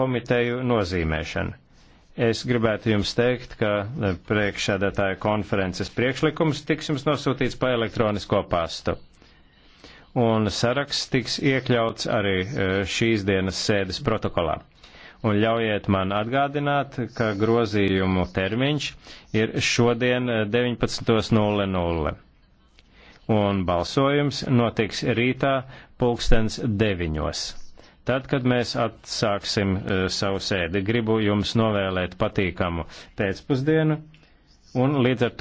komiteju nozīmēšana. Es gribētu jums teikt, ka e, priekšsēdētāja konferences priekšlikums tiks jums nosūtīts pa elektronisko pastu. Un saraksts tiks iekļauts arī e, šīs dienas sēdes protokolā. Un ļaujiet man atgādināt, ka grozījumu termiņš ir šodien 19.00. E, Un balsojums notiks rītā pulkstens 9. .00. Tad, kad mēs atsāksim uh, savu sēdi, gribu jums novēlēt patīkamu pēcpusdienu un līdz ar to.